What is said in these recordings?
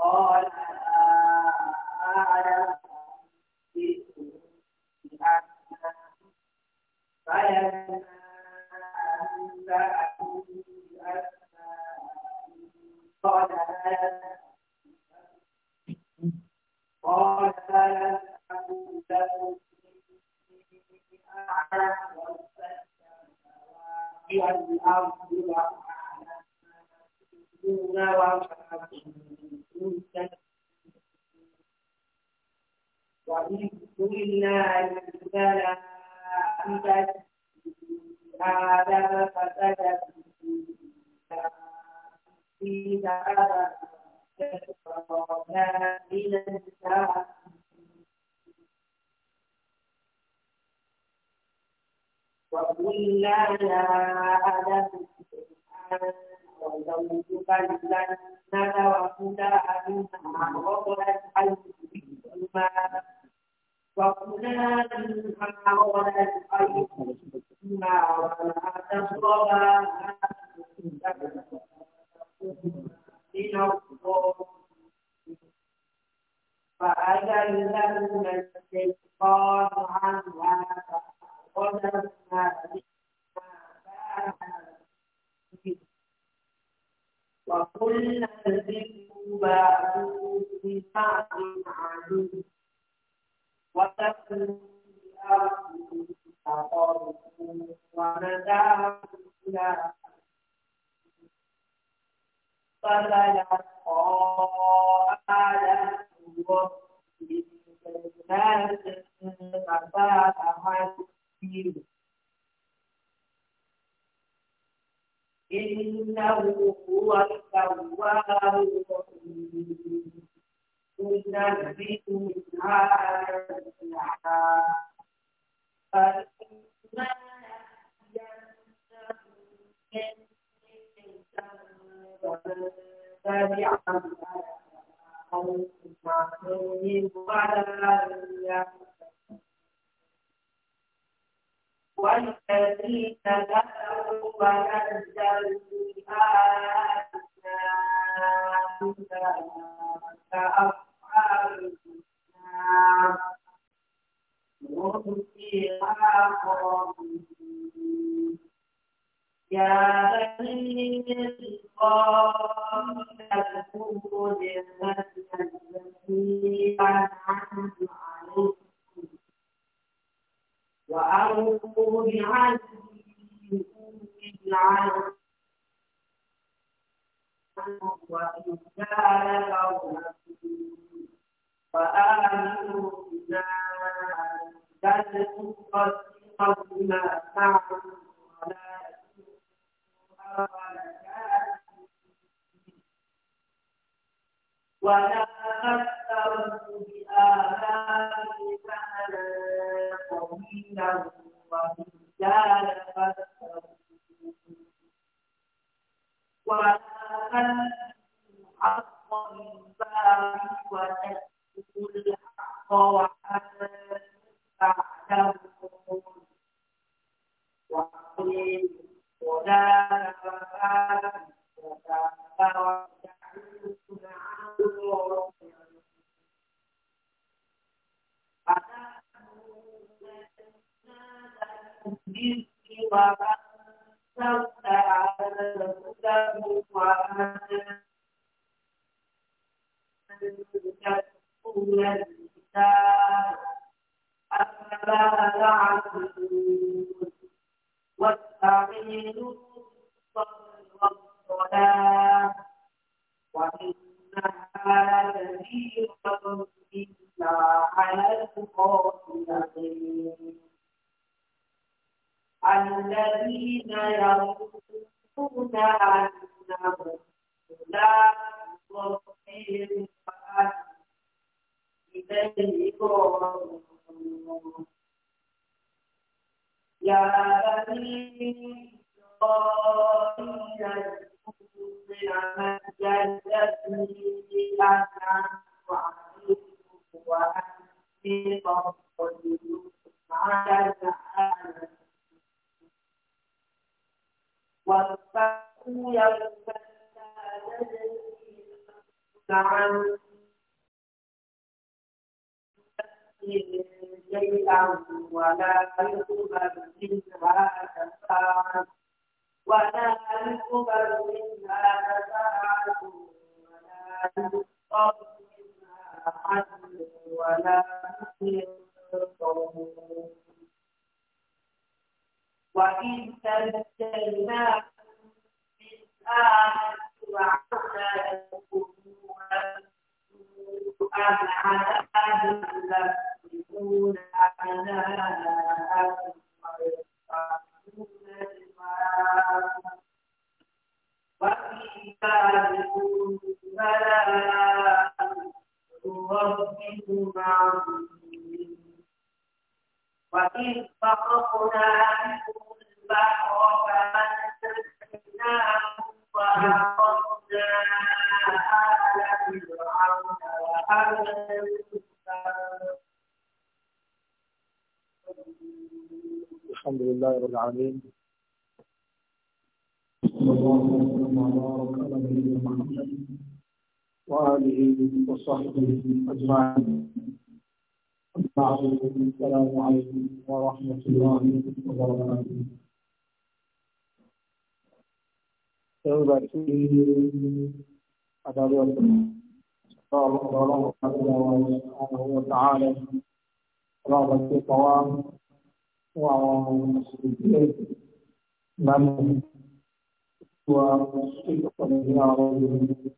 قال أعلم بكم بأسماء فلما أنبأهم بأسماء قال قال لم أقل لكم إني أعلم السماوات والأرض وأعلم Gunawan وإذ قلنا للملائكة آدم فسجدوا إلا آدم من الناس وقلنا يا آدم وزوجك لنا وكلا منها رغدا حيث وكلا منها رغدا هم فيها خالدون يا بني إسرائيل اذكروا نعمة التي أنعمت عليكم وأوفوا بعهدي أوفي العهد وإياك فآمنوا بما لا تنقص قوما تعبد ولا ولا تكثروا بآبائي فأنا قويلا ومجالا فاستغفروا ولا تنسوا حق الباب وتكتموا الحق وأنتم تعلمون وقل ولا نفعل وتعلمون عن الله وأنزلت على الهدى وأنزلت الكتاب أفلا تعلمون واستعينوا بالصبر وإنها لكبيرة إلا على الخاسرين الذين يظنون أنهم لا يصبرون إليه يرجعون يا بني إسرائيل اذكروا نعمتي التي أنعمت عليكم وأني فضلتكم على العالمين واتقوا يوما لا تجزي نفس عن شيئا ولا يقبل منها شفاعة ولا يقبل منها شفاعة ولا يقبل منها عدل ولا ينصرون وإن تبتلناهم بالآية وعسى يكونون سوءا عذاب لهم يحبون أبناءهم ويكرهون دماءهم وفي ذلكم بلاء من ربكم العالمين اللهم الله على نبينا محمد وآله وصحبه أجمعين السلام عليكم ورحمة الله وبركاته Ẹgbẹ́ tí adarí ọ̀sán sọ̀rọ̀ ọ̀rọ̀ ọ̀rọ̀ àti àwọn ọ̀tá ààrẹ ọlọ́run ti adari osan fún àwọn ìṣèlú ìlànà ìlú àwọn ìṣèlú ní àwọn ìlú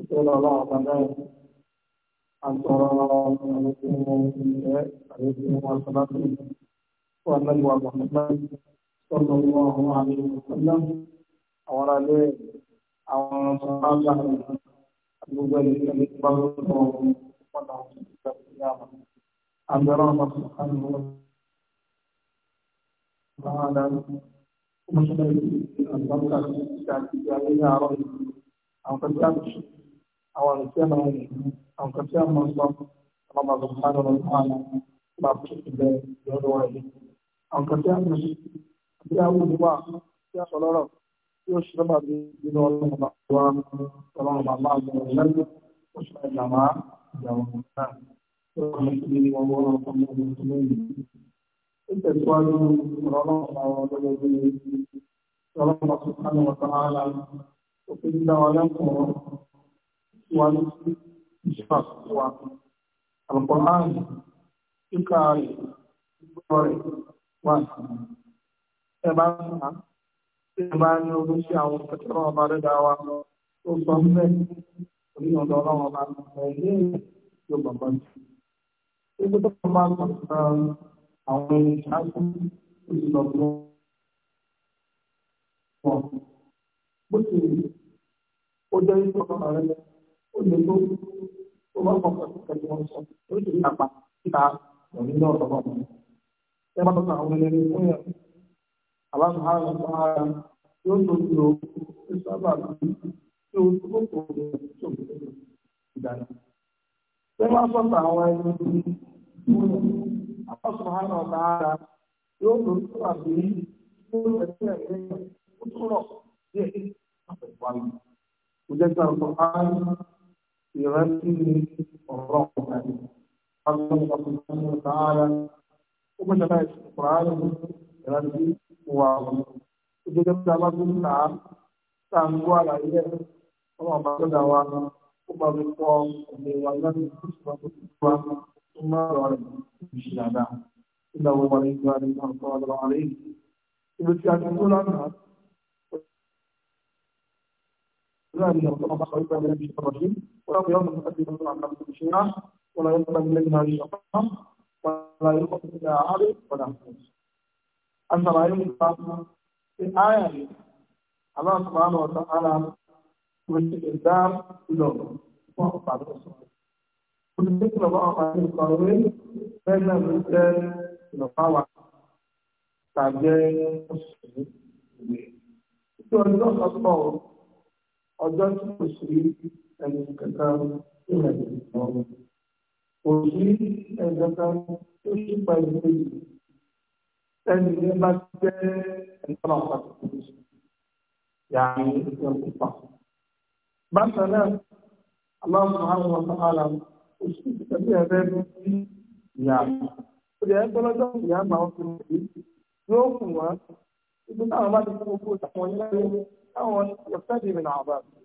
àtọ́lọ́ ọlọ́run padà àtọ́rọ́ àlékún ìrẹ́ àlékún àtọ́lọ́tò fún àmẹ́lùwà mọ̀mọ́lá sọ́nà ọmọ àwọn àmẹ́lùwà àwọn alẹ́ àwọn ọmọ gbogbo ẹni tí a lè gbàgbọ́ ọ̀rọ̀ wọn náà ń gbàgbọ́ yàrá àbẹ̀rẹ̀ ọmọ sọ̀kan lọ́wọ́. تعالى مشكلة البركة الشعبية العربية أو كتاب أو كتاب أو كتاب مصدر الله سبحانه وتعالى باب كتاب يدوي أو كتاب كتاب دعاء يا صلاة يشرب بدون الله صلاة الله عز وجل وشرب الجماعة جماعة المسلمين والمسلمين tẹ̀síwájú ọ̀rọ̀lọ́pàá ọ̀dọ́gbọ̀n ọlọ́pàá sùkánù wàtàlá òfin dá wa lẹ́kọ̀ọ́ wa ní ìṣàkóso alùpàán kíkà rẹ̀ gbọ́ rẹ̀ wà sí ẹ bá ń sàn tí ẹ bá ní orí sí àwọn pẹ̀tẹ́rọ̀ ọba rẹ̀dá wa tó sọ mẹ́ oníyànjọ ọlọ́run ọba ẹ̀yìn yóò bàbá jù. Ibi tó bá ń sàn àwọn ẹni ṣáájú ó ti lọ bọ́ wọn. bó ṣe rí ó jẹ́ wípé ọmọ rẹ ó lè tó ó bá fọkàn sí kẹ̀kẹ́ wọn sọ ó sì rí àpá síta wọn nínú ọ̀rọ̀ náà. ẹ bá tọ́ka àwọn ẹni fún yẹn àbámu ara ọ̀sán ara yóò tó ti o ó sábà bí tí o tó kò ní tó kò ní ìdáná. ẹ bá tọ́ka àwọn ẹni fún yẹn. Allah subhanahu wa ta'ala yóò lò ó tó àbí ó lè tẹ̀ ẹ́ ó tó rọ̀ díẹ̀ láti wá lọ. Kò jẹ́ kí àwọn ọ̀hán ìrántí ní ọ̀rọ̀ ọ̀hán. Allah subhanahu wa ta'ala ó gbọ́dọ̀ láì ṣùkúrán ìrántí wà lọ. Kò jẹ́ kí àwọn ọ̀hán ìrántí tá à ń gbọ́ àlàyé ẹ̀ ọmọ àbájọ́dá wa ó gbàgbé pọ̀ ọ̀gbìn wa láti ìfúnṣùpá tó ti wá. ثم رأينا مش دعنا إنه ولي ذلك القادر عليه إذا كانت تقول عنها ذلك الله خلق من الشيء الرجيم ولا يوم المقدمة عن نفس الشيعة ولا يقبل منها الشفاعة ولا يقبل منها عارف ولا حسن أن رأيك في الآية الله سبحانه وتعالى والاستقدام له وهو بعد الصلاة olùdókòwò bá wà pàdé ìkọ̀wé bẹ́ẹ̀ náà ló jẹ́ ìlọ́pàá tàbí oṣù ìwé. Tí ọjọ́ sọ́pọ̀ ọjọ́ tí kò sí ẹni kankan tí ìrìn àjò sọ. Kò sí ẹni kankan tó ṣe pa ìwé yìí. Ẹni ní bá jẹ́ ẹ̀ka pàtàkì oṣù. Yàrá ìjọba. Bákan náà, Allah subhanahu wa ta'ala. òṣìṣẹ́ tàbí ẹ̀rẹ́ ní sí ìyá òde ẹgbẹ́lọ́jọ́ ìyá máa ń fi òbí yóò kù wá ibi táwọn bá ti fún gbogbo ìtàkùn yín láyé táwọn ọ̀fẹ́ ìrìn àwọn bá mi.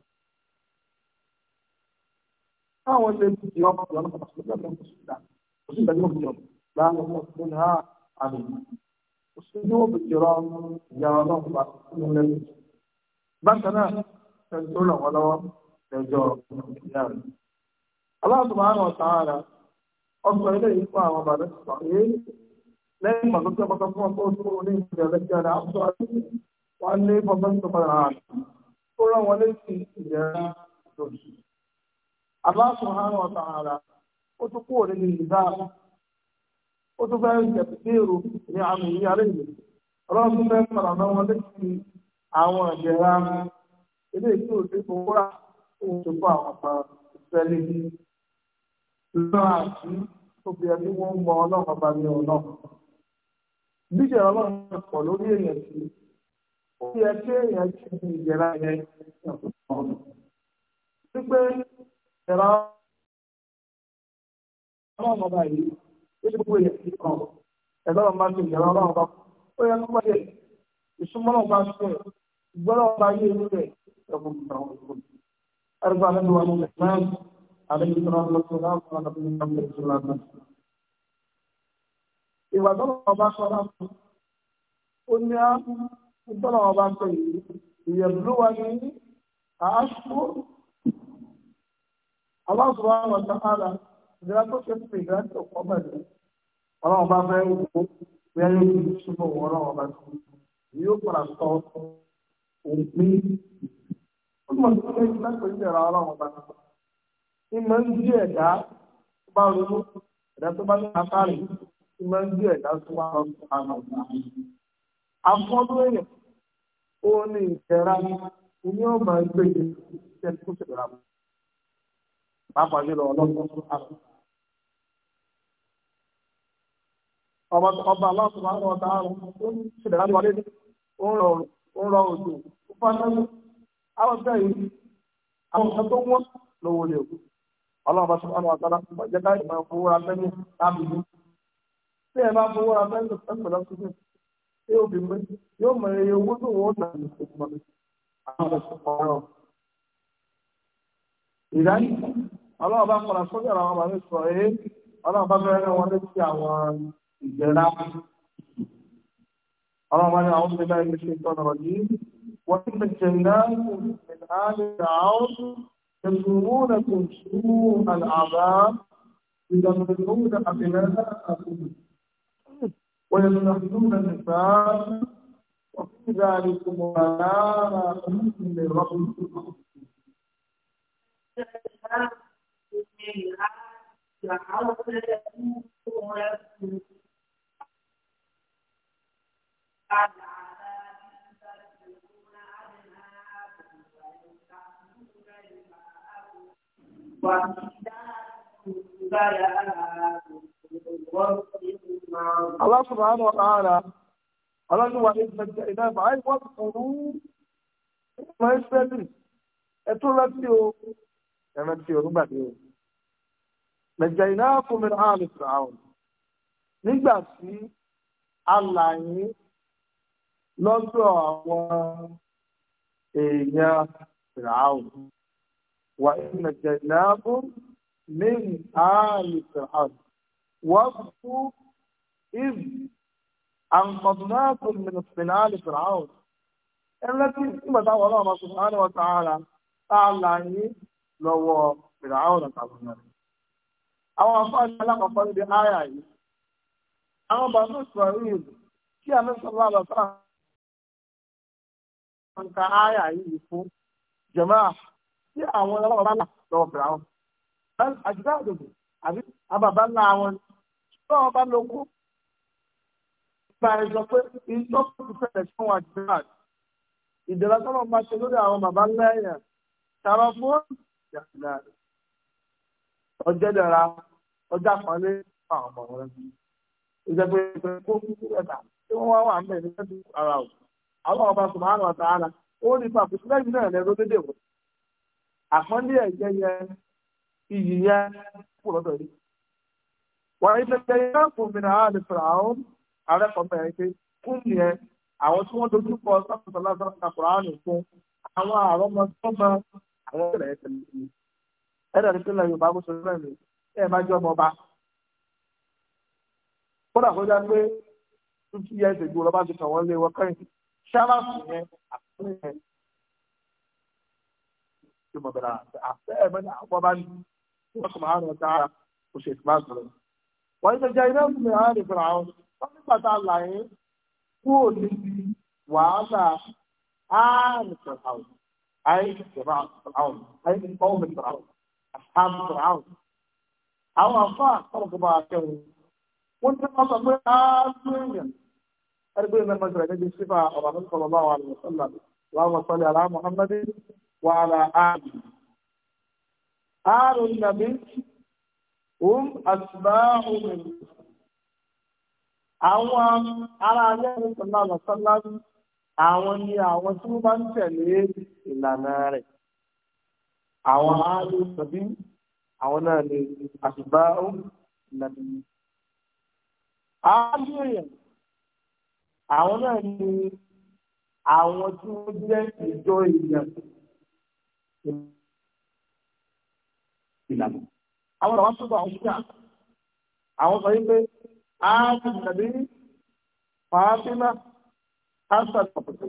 táwọn ṣe ti di ọmọ ìyá ọmọ ìyá ọmọ ìyá òṣìṣẹ́ tàbí ọmọ ìyá láàrín ọmọ ìyá ní àmì òṣìṣẹ́ yóò fi jọrọ ìyá ọlọ́run bá fún lẹ́yìn. bákan náà ẹni tó ràn wọ́n lọ́wọ́ ẹjọ́ ìyá rẹ̀. ala subhanahu ahụ ọsọ ilé yìí fún àwọn bàbá sọ yìí lẹ́yìn màtó tí fún ọkọ tó ní ìjọba lẹ́jọ́ rẹ̀ àṣọ àti wọn tó padà hàn tó rán lòdì. ó tún kúrò nínú ìdá ó tún fẹ́ẹ́ ní àmì yìí alẹ́ yìí ọlọ́run fẹ́ẹ́ padà àwọn ilé náà àti tóbi ẹni wọ́n mọ ọlọ́run ọba ní ọlọ́run. Bíjẹ̀ ọlọ́run pọ̀ lórí èèyàn sí ó yẹ kí èèyàn ti di ìjẹ̀ra yẹn wípé ìjẹ̀ra ọlọ́run ọba yìí ó ti gbogbo èèyàn sí kan ẹ̀dá ọ̀run máa ń ṣe ìjẹ̀ra ọlọ́run ọba ó yẹ kó wáyé ìsúnmọ́nà ọba ṣe ìgbọ́nà ọba yé inú rẹ̀ ẹ̀kọ́ ìgbà wọn. Ẹ̀rọ عليه الصلاة والسلام على نبينا محمد صلى الله عليه وسلم ìwà tọ́lọ̀ ọba sọ́ra ó ní á tọ́lọ̀ ọba sọ yìí ìyẹ̀bùrú wa ní àásù aláṣọ àwọn ọ̀tàkàlà ìdíra tó ṣe pè ìdíra tó kọ́ bẹ̀rẹ̀ ọlọ́run bá fẹ́ wò ó bóyá yóò fi súnmọ́ wọn ọlọ́run ọba sí yóò padà sọ òpin ó mọ̀ sí pé ìgbà tó ń jẹ̀rọ ọlọ́run ọba ní máa ń gbé ẹ̀dá tó bá ronú ẹ̀dá tó bá ní àkárì ní máa ń gbé ẹ̀dá tó wà lọ́sùn àná àfọ́dún èèyàn ó ní ìtẹ̀ra ní ọmọ ẹgbẹ́ ìṣẹ́ tó ṣẹlẹ̀ àmọ́ pàápàá jùlọ ọlọ́sùn àná. ọba ọba aláṣọba àwọn ọ̀tá àrùn ó ń ṣẹlẹ̀ láti wọlé ó ń rọ òjò ó fọ́nà àwọn ọ̀tá yìí àwọn ọ̀tá tó wọ́n lówó lè kú ọlọ́ọ̀bá sọ́kànlá wa tọ́lá ọ̀jẹ́ ká ìmọ̀ fowóra fẹ́mi lábìlú tí ẹ bá fowóra fẹ́mi lọ́pọ̀lọ́ síbẹ̀ tí ó fi mú yóò mọ iye owó tó wọ́n nà ní ìgbà mi àwọn ọ̀rọ̀ ìdájí ọlọ́ọ̀bá kọ̀ọ̀lá sọ́jà àwọn ọmọ mi sọ ẹ́ ọlọ́ọ̀bá bẹ́ẹ̀ náà wọ́n létí àwọn ìjẹ́ra ọlọ́ọ̀bá ni àwọn ọmọ mi ṣe tọ́nà ọ̀dí wọ́n ti يسرونكم سوء العذاب يدمرون أبناءكم ويستحيون النساء وفي ذلكم بلاء من ربكم على الله سبحانه وتعالى ọlọ́run wà ní ìfẹ̀jẹ̀ ẹ̀tún rántí o ẹ̀rántí o nígbàdí o mẹ̀jẹ̀ fún mi náà ní nígbà tí lọ́dọ̀ àwọn èèyàn وإن جئناكم من آل فرعون واذكروا إذ أنقذناكم من من آل فرعون التي ثم دعوا الله سبحانه وتعالى عني لو فرعون تعلمنا أو أفعل لك أفعل بآية أو بنو إسرائيل كي أن صلى الله عليه وسلم أنت آية يقول جماعة sí àwọn ọlọ́wọ́ bá là lọ́wọ́ bẹ̀rẹ̀ àwọn. àjùbá àdòdò àbí àbàbá ńlá àwọn ṣùgbọ́n wọn bá lọ kú. ìgbà rẹ̀ sọ pé ìjọ kò fẹ́rẹ̀ sí wọn àjùbá ìdẹ̀rẹ̀ tọ́lọ̀ máa ṣe lórí àwọn bàbá ńlá ẹ̀yàn tààrọ̀ fún ọjọ́ dẹ̀ra ọjọ́ àpọ́nlé fún àwọn ọmọ rẹ̀ ìjọba ìpínlẹ̀ kó kúkú ẹ̀ta tí wọ́n wá wà ń bẹ̀ ní ẹ̀dùn ara ò àpọ́nlé ẹ̀jẹ̀ yẹn iyì yẹn kú lọ́dọ̀ yìí. wọ́n yìí lẹ́yìn yẹn kò mìíràn á lè fara àwọn arẹ́kọ̀ọ́mọ yẹn pé kún yẹn àwọn tí wọ́n dojú kọ sáfùsọ lásán kàkùrọ̀ á nì fún àwọn àrọ́mọsọ́mọ àwọn ìrẹ̀ ẹ̀ tẹ̀lé yìí. ẹ̀rọ ìpínlẹ̀ Yorùbá bó ṣe rẹ̀ mi ẹ̀ máa jọ ọmọ ọba. kódà kó já pé fifty years ago lọ́ba ti kàn wọ́n lé wọn kẹ́yìn ṣáláṣì yẹn àkúrẹ́ yẹn tó mọ̀ bẹ̀rẹ̀ àfẹ́ ẹ̀ mẹ́ta àwọn bá ní wọ́n kọ̀ máa ń rọ̀ sára kò ṣe ìtumá sọ̀rọ̀. wọ́n ti jẹ́ iná ìsinmi àwọn àdìsọ̀ àwọn wọ́n ní bàtà àlàyé kúrò níbi wàhálà àdìsọ̀ àwọn àìsọ̀ àwọn àìsọ̀ àwọn àìsọ̀ àwọn àwọn àfa àkọ́kọ́bà akẹ́wọ̀n wọ́n ti wọ́n sọ pé ààbẹ̀yàn ẹgbẹ́ ìmọ̀ ìjọba ẹgbẹ́ sífà ọ̀rọ̀ àmì sọ̀rọ̀ bá wà lọ́wọ́ sọ́lá láwọn sọ́lá aláàmù hàmmadé وعلى آله آل النبي هم أتباع من àwọn ará ilé ẹni sọlá lọsọlá àwọn ni àwọn tí wọ́n bá ń tẹ̀lé ìlànà rẹ̀ àwọn ààrẹ tàbí àwọn náà ni àṣìbá ó nàbí ààrẹ èèyàn àwọn náà ni àwọn tí wọ́n jẹ́ ìjọ èèyàn ìlànà. Àwọn ọ̀rọ̀ wá sọ́dọ̀ àwọn ṣíkà. Àwọn sọ wípé a ti tàbí Fàáfímà Hasan Pàpàtà.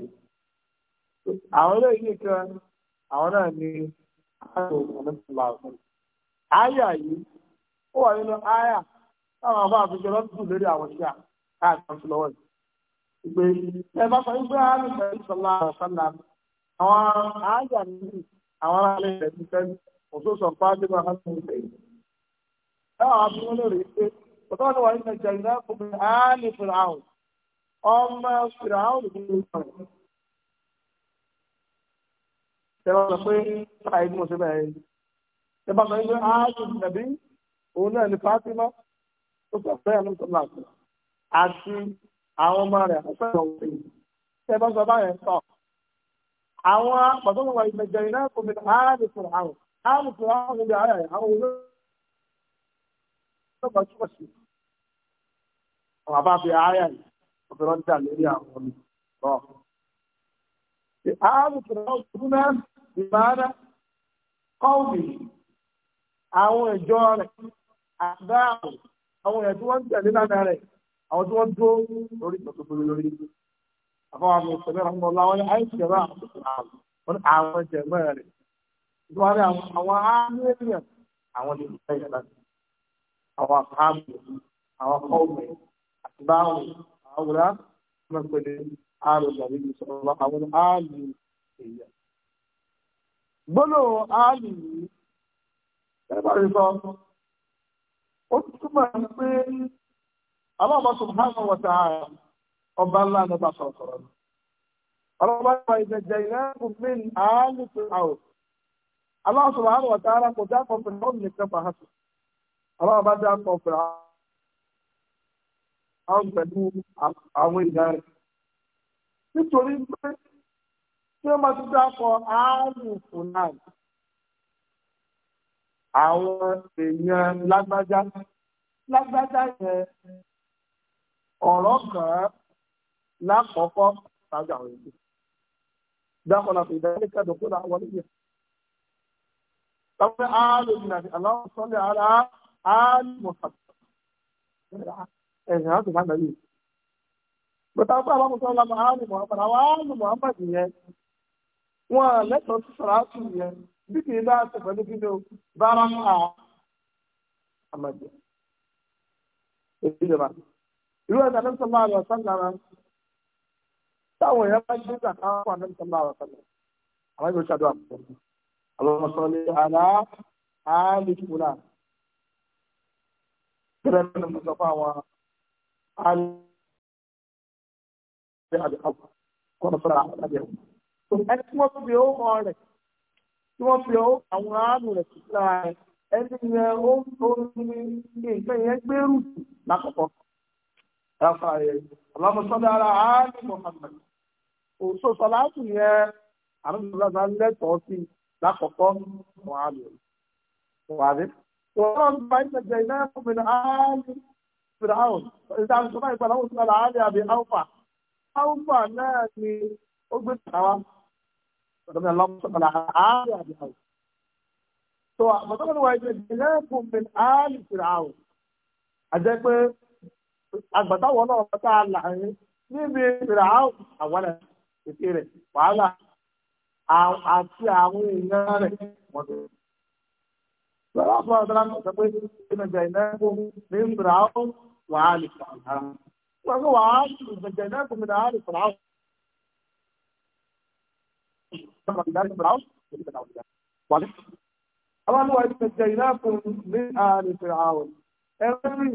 Àwọn ilé yìí kan àwọn náà ni àrùn ọ̀nàmọ́sọ̀lá ọ̀sán. Áyà yìí ó wà nínú áyà táwọn afọ àfihàn lọ́dún lórí àwọn ṣíkà káàkiri sí lọ́wọ́ yìí. Ìgbè ẹ bá sọ wípé àrùn ọ̀nàmọ́sọ̀lá ọ̀sán náà àwọn áyà nìyí àwọn aráàlú rẹ̀ ti sẹ́yìn òṣooṣù pàdé máa ń sùn lẹ́yìn. táwọn abúlé lórí pé ọ̀tọ́ ni wàá ń jẹ ìdá fúnmi áálì fìràhùn ọmọ fìràhùn ní ìlú rẹ̀. tẹ́wọ́n sọ pé báyìí àìdí mo ṣe bẹ̀rẹ̀ yìí. tẹ́wọ́n sọ pé áálì nàbí òun náà ní Fátímà tó sọ fẹ́ ẹ̀mí tó láti àti àwọn ọmọ rẹ̀ fẹ́ ọ̀sẹ̀ yìí. tẹ́wọ́n sọ báyẹn sọ̀rọ̀ àwọn pàtàkùn wà ìmẹ̀jẹ̀rì náà kò bẹ̀rẹ̀ ààrẹ fún àwọn ààrẹ fún àwọn ọmọdé ara rẹ̀ àwọn olóòrùn tó bá túbọ̀ sí àwọn àbá fi ààrẹ rẹ̀ ọ̀fẹ́ rọ́ dà lórí àwọn ọmọ rọ̀. ààrẹ fún àwọn ọdún ìbára kọ́ọ̀bì àwọn ìjọ rẹ̀ àgbà àwọn ẹ̀dùn wọn tẹ̀lé lánàá rẹ̀ àwọn tí wọ́n dúró lórí ìtọ́sọ́fọ́ lórí àbáwọn àmì ìṣẹ̀lẹ̀ ọmọ ọlá wọn ni àìsèrè àwọn àwọn jẹ̀mọ́ rẹ̀ lórí àwọn àmìlẹ̀ àwọn ní ìfẹ́ ìyàrá àwọn àfáàmù àwọn kọ́ọ̀mù àti báwọn àwòrán ọmọ ìpele àrùn ìgbàlejò ìṣọ̀rọ̀ àwọn àmì èèyàn. gbọ́dọ̀ àmì yìí ẹgbẹ́ rẹ̀ sọ ó túmọ̀ pé aláàbọ̀ sọ̀rọ̀ hàn wọ̀ta àrùn ọba ńlá ni ọba sọ̀rọ̀ sọ̀rọ̀ ni. ọlọ́ba ìwà ìjẹ̀jẹ̀ ìlẹ́kùn mi ní àálù tó àwò. Allah subhanahu wa ta'ala kò dá kọ̀ fún ọ́n nìkan bá hàtù. ọlọ́ba dá kọ̀ fún àwọn pẹ̀lú àwọn ìdá rẹ̀. nítorí pé tí wọ́n máa ti dá kọ̀ àálù fún àwọn èèyàn lágbájá lágbájá yẹn ọ̀rọ̀ kan lákọ̀ọ́kọ́ ṣáájú àwọn èdè dákọ̀lá fi ìdálé kẹ́dùnkú náà wọlé yẹ. Tọ́pẹ́ áàlù ní àti aláwọ̀ sọ́lẹ̀ ara áàlù mọ̀sàtà. Ẹ̀sìn àti máa nàlẹ́. Bàtà pé àwọn mùsùlùmí lọ́mọ áàlù Muhammad àwọn áàlù Muhammad yẹn. Wọ́n lẹ́tọ̀ọ́ sí sàràtù yẹn bí kì í bá ṣe pẹ̀lú kí ni o bára ń hà àmàjẹ. Èyí ìjọba. Ìlú ẹ̀ka ní sọ́mọ́ àlọ́ sọ́ńdàrà táwọn èèyàn bá gbé gbàgbá fún àdéhùnsánlá àwọn ọ̀sán àwọn ìlú ṣàdúrà pọ̀ àwọn ọmọ sọ̀rọ̀ àlá àlìkùlà gẹ́gẹ́ bí wọ́n sọ fún àwọn àlìkùlà àdìkàwọ̀ kọ́ ọ̀nà sọ̀rọ̀ àdìkàwọ̀ tó ẹni tí wọ́n fi ó hàn rẹ̀ tí wọ́n fi ó àwọn àánú rẹ̀ sí lára ẹni yẹn ó ń tó ní nǹkan yẹn gbèrú lákọ̀ọ́kọ́. اللهم صل على آل محمد وصل صلاتي يا على الله لا توصي لا خطم وعلي وعلي وعلي وعلي نجيناه من آل فرعون إذا عم تبعي فرعون صلى علي أبي أوفا أوفا ناتي أقبل سوا ربنا اللهم صل على آل أبي أوفا سواء مطمئن وعلي نجيناه من آل فرعون أجيب àgbàtàwọ̀ náà tá a là ń níbi ìrà àwọn ètè rẹ̀ wàhálà àti àwọn èèyàn rẹ̀ mọ̀tò. Lọ́wọ́ fún ọ̀dọ́lá náà sọ pé ìnàjà ìnáwó ní ìrà àwọn wàhálì fàlà. Wọ́n sọ wàhálì ìnàjà ìnáwó mi náà lè fàlà. Àwọn àwọn ìnàjà ìnáwó ní àlè fìrà àwọn. Ẹ̀rín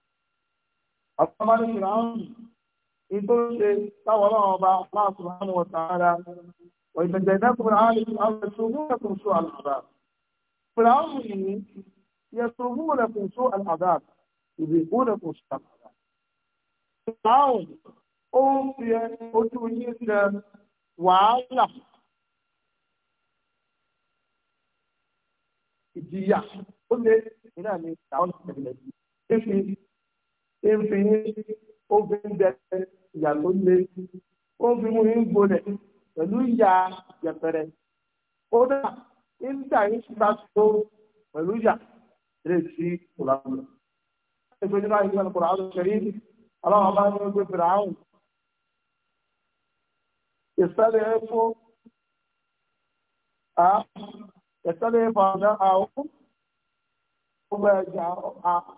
àtọ́mọ́lé fìràhùn ìtò ṣe táwọn ọlọ́run ọba Allah subhanahu wa ta'ala wọ́n ìbẹ̀jẹ̀ iná kò fìràhùn lè fìràhùn lè tó wúlò kò sọ àlàdà fìràhùn yìí yẹ tó wúlò kò sọ àlàdà ìbí wúlò kò sọ àlàdà. fìràhùn ó ń fi ojú yín ṣe wàhálà ìjìyà ó lé ìlànà ìdáwọ́n ìṣẹ̀lẹ̀ yìí. ń fi yín ó fi ń bẹ ìyà tó le ó fi mú yín gbolẹ̀ pẹ̀lú ìyà yẹpẹrẹ ó dà ń dà yín síta tó pẹ̀lú ìyà lè sí kùlàbùlà. ẹgbẹ́ nígbà yìí wọn kọ̀ọ̀rọ̀ àwọn ṣẹ̀rí aláwọ̀ bá ń gbé fèrè àwọn ìsẹ́lẹ̀ ẹ̀fọ́ ìsẹ́lẹ̀ ẹ̀fọ́ àdá àwọn ọgbà ẹ̀jà àwọn.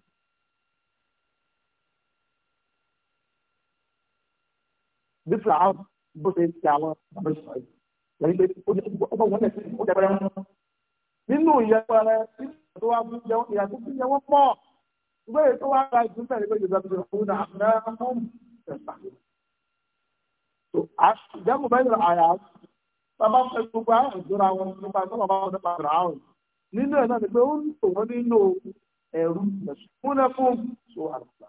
bí fìlàhàn bó ṣe ti àwọn ọmọ ìṣòro yìí lẹ́yìn pé ọmọ wọn lẹ́sìn ó dẹ́gbẹ́rẹ́ wọn. nínú ìyẹ̀wò rẹ tí ìyàtọ̀ wa fún jẹun ìyàtọ̀ fún jẹun pọ̀ ìgbé ètò wa ra ìdúpẹ́ ní pé yorùbá ti rẹ̀ fún náà náà mọ́ ẹ̀sà. ìjẹ́kùn bẹ́ẹ̀ yọ àyà bàbá fẹ́ gbogbo àwọn ìjọra wọn nípa tó bàbá wọn nípa rà áwọn nínú ẹ̀ náà ni pé ó ń tò wọ́n nínú ẹ̀rú ìgbẹ̀sùn fún náà fún ṣòwò àgbà.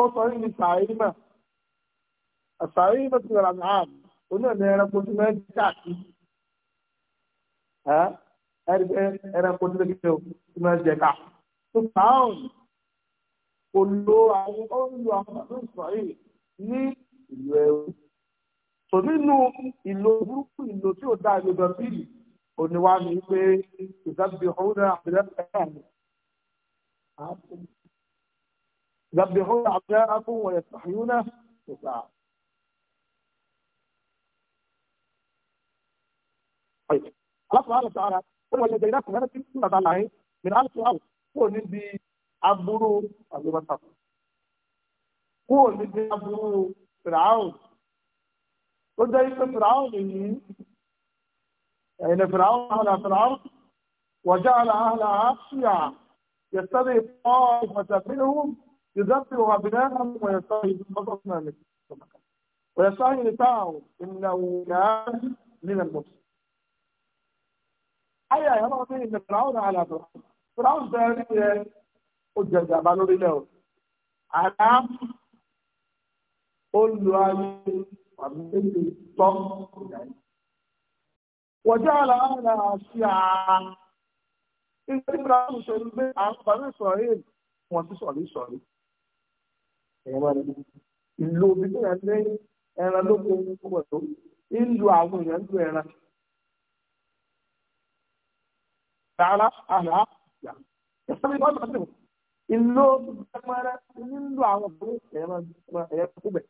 ó sọ yìí ní sàáyé náà àṣàrí ìbẹ̀tì rà náà oní ọ̀nà ẹranko tí wọ́n ti káàkiri ẹni pé ẹranko tí wọ́n ti tí wọ́n jẹ ká tó táwọn olú àwọn olú àwọn àlùfáà ní ìlú ẹrú tò nínú ìlò burúkú ìlò tí ò dáa ìlòdàn bíi òníwá ni pé ìdábì ọ̀húnrẹ́ àbẹ̀rẹ̀ ẹ̀rọ ìdábì ọ̀húnrẹ́ àbẹ̀rẹ̀ akúwọ̀ ẹ̀sán yúnà tó طيب الله سبحانه وتعالى هو الذي جاءناكم هذا كنا طالعين من على الأرض هو الذي عبروا أبو بكر هو الذي عبروا فرعون وده يكون فرعون يعني فرعون على فرعون وجعل أهلها شيعا يستضعف طائفة منهم يدبر أبناءهم ويستحيي بصرنا منهم ويستحيي نساءهم إنه كان من المسلمين ayé àyà máa fi ìṣẹ̀ fìràwùn àlà tó fìràwùn tẹ́ rí ẹ ó jẹ ìjàmbá lórílẹ̀ o àlá ó lu ayé àbí ètò tọ́ wọ́jà àlà àlà àṣì àà ilé fìràwùn ṣe ń gbé àwọn bàbá ìsọ̀rí wọn ti sọ̀rí sọ̀rí ìlú omi tó yẹn lẹ́yìn ẹran ló kó owó pọ̀ tó ìlú àwọn èèyàn ń lu ẹran. تعالى أهلها يعني يستمر بعض قدمه اللوم دمارة اللو على الضوء يا ما يا كوبة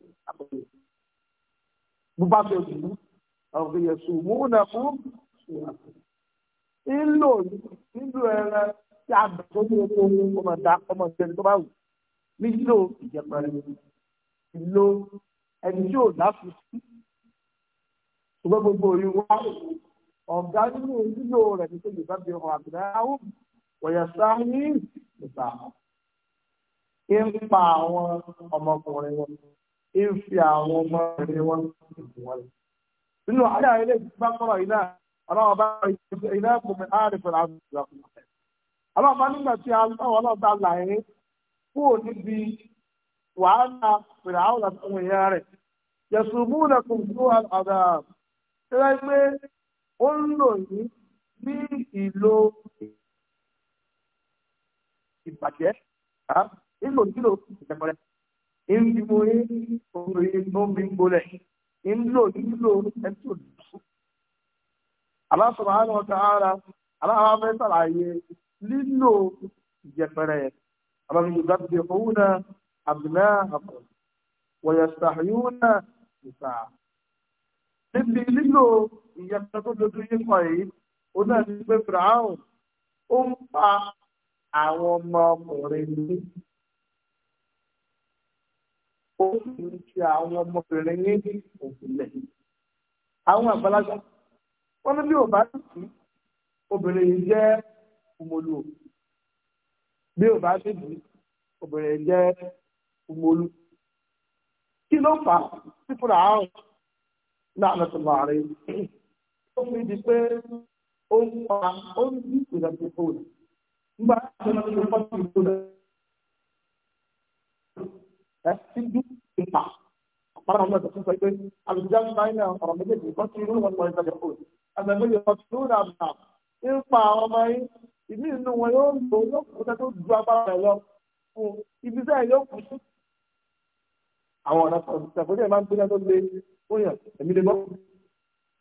ببعض يوم أو يصومونكم اللو اللو أنا يعبد صومه وما دع وما جل طبعا مش لو يجمعنا اللو الجو نفسه سبب بوري واحد ọ̀gá nínú ìdílò rẹ̀ ní sẹ́yìn bá bí ọmọ àbúráwò wọ̀yà sáyé nípa ń pa àwọn ọmọkùnrin wọn ń fi àwọn ọmọkùnrin wọn ìdí wọn. nínú àyà ilé ìgbà kọ́rọ̀ iná ọlọ́wọ́ bá iná kùnmi áàrẹ fún àwọn ìjọba kùnmi. ọlọ́wọ́ bá nígbà tí àwọn ọlọ́ọ̀ta là ń kúrò níbi wàhálà pèrè àwọn ọ̀làtọ̀wọ̀n ìyá rẹ̀ yẹ̀sùn múnà kùnmi tó àdá. ṣé wáyé pé ó ń lò yín bí ìlò ìbàjẹ́ nílò nílò ìjẹmọ́lẹ̀ ìmọ̀ yín obìnrin ló ń bí gbolẹ̀ nílò nílò ẹtí òdùsù. Allah subhanahu wa ta'ala aláwọ̀ afẹ́ sàlàyé lílò ìjẹpẹrẹ àwọn olùgbàgbé òun náà àbùnà àpọ̀ wọ̀yẹ̀sàhìún náà ìsà. níbi lílò ìyẹn tó dojú yín kan yìí ó náà ní pé brown ó ń pa àwọn ọmọ ọkùnrin ní ó ń ṣe àwọn ọmọbìnrin ní òkúlẹ̀ àwọn àgbàlagbà wọn ní bí ò bá sì obìnrin yìí jẹ́ òmòlù bí ò bá sì obìnrin yìí jẹ́ òmòlù kí ló fà á sí fúnra náà lọ́sọ̀rọ̀ àárẹ̀ ó fi di pé ó ń pa ó ń bí ìrẹsì fòlù nígbà tí wọ́n ti fọ́ sí ìfòlù ẹ̀ ti dú ìpa àpárá ọmọ ìtọ́sí sọ pé àlùjá ń báyìí náà ọ̀rọ̀ méjèèjì kan ti rú wọn pọ̀ ìtajà fòlù àgbẹ̀mọ́ yóò ti rú náà bà ń pa ọmọ yìí ìdí inú wọn yóò lò yóò kú tó ju agbára rẹ̀ lọ ibi sẹ́yìn yóò kú sí àwọn ọ̀nà kan ṣàkóso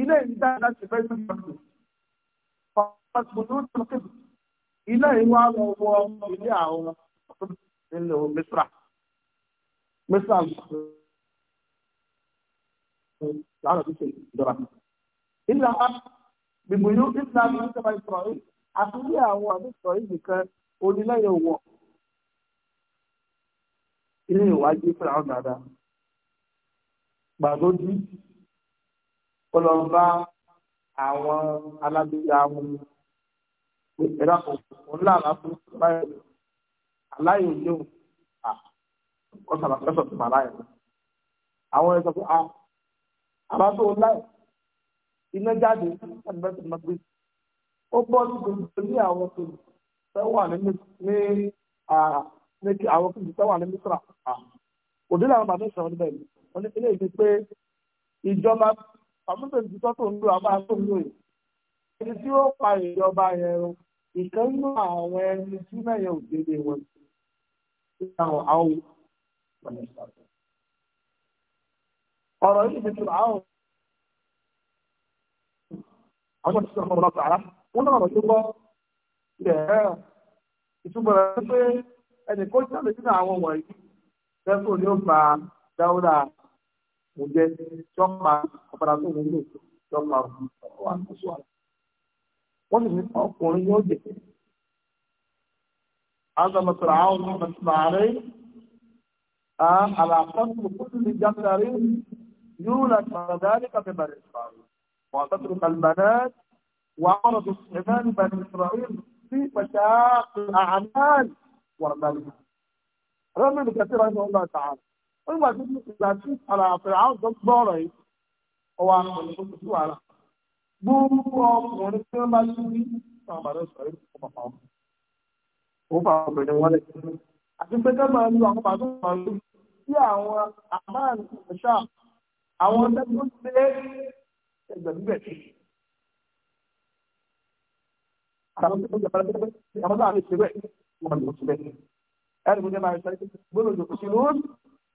ilé ìdá láti fẹ́ sí ìjọba pàṣípòtò tó kébù ilé ìwà lọ́wọ́ ilé àwọn nílò mísírà mísírà láwọn tó ṣe ìjọba ilé àwọn bìbò yóò ní ìlànà ní ìjọba ìsọ̀rọ̀ yìí àti ilé àwọn àmì ìsọ̀rọ̀ yìí nìkan onílẹ̀yìn wọ̀ ilé ìwádìí fúnra wọn dáadáa gbàgbọ́ dí kó lọ bá àwọn alágbèéká wọn ìrà òun lára fún báyọ̀ aláyò yóò à kọ́ sábà fẹ́ sọ̀tún aláyò àwọn ẹ̀ sọ pé a àbá tó láì iná jáde láti bẹ́ẹ̀ sọ̀tún mágbé ó bọ́ sí gbogbo ní àwọn tó fẹ́ wà ní ní àwọn tó fẹ́ wà ní mísírà òdílé àwọn bàbá ìṣòro níbẹ̀ wọ́n ní ilé ìdí pé ìjọba àmúṣe ìdíkọ́ tó ń lò àbá tó ń lò yìí ẹni tí ó pa ìjọba yẹn run ìkan nínú àwọn ẹni tí mẹ́yẹ òdèdè wọn ọ̀rọ̀ yìí ti tún àwọn àwọn tí wọ́n lọ sàrà wọn náà lọ sí gbọ́ ilẹ̀ ìtumọ̀ rẹ̀ pé ẹnì kó jáde nínú àwọn wọ̀nyí lẹ́kọ̀ọ́ ni ó gba dáúdà. oúnjẹ tí wọ́n pa ọ̀padà tó ń lò tí wọ́n pa ọ̀rọ̀ àkóso àlọ́. wọ́n sì ní ọkùnrin yóò jẹ. عظمة فرعون نعمة عليه على قتل كل جبار يولد بعد ذلك ببني إسرائيل وتترك البنات وعرض الصبيان بني إسرائيل في مشاق الأعمال والمال رغم كثير رحمه الله تعالى ó ń gbà tó ní ìgbà tí ara àfẹ́rẹ́ àwọn tó gbọ́ ọ̀rọ̀ yìí ọwọ́ akọni tó kù sí wàhálà gbogbo ọkùnrin tí wọ́n bá ní ní sọ̀rọ̀ bàdó sọ̀rọ̀ yìí kò pàpà wọn. ó fà ọ̀bẹ̀rẹ̀ wọlé àti pé ká máa lu àwọn bàdó sọ̀rọ̀ sí àwọn àmáàn ìṣà àwọn tẹ́tí ó ti lé ẹgbẹ̀rúgbẹ̀ àwọn tó ń jẹ pẹlẹpẹlẹ àwọn tó ń ṣe wọn lò ó ti bẹ́ẹ̀ ẹni mo jẹ máa ń sọ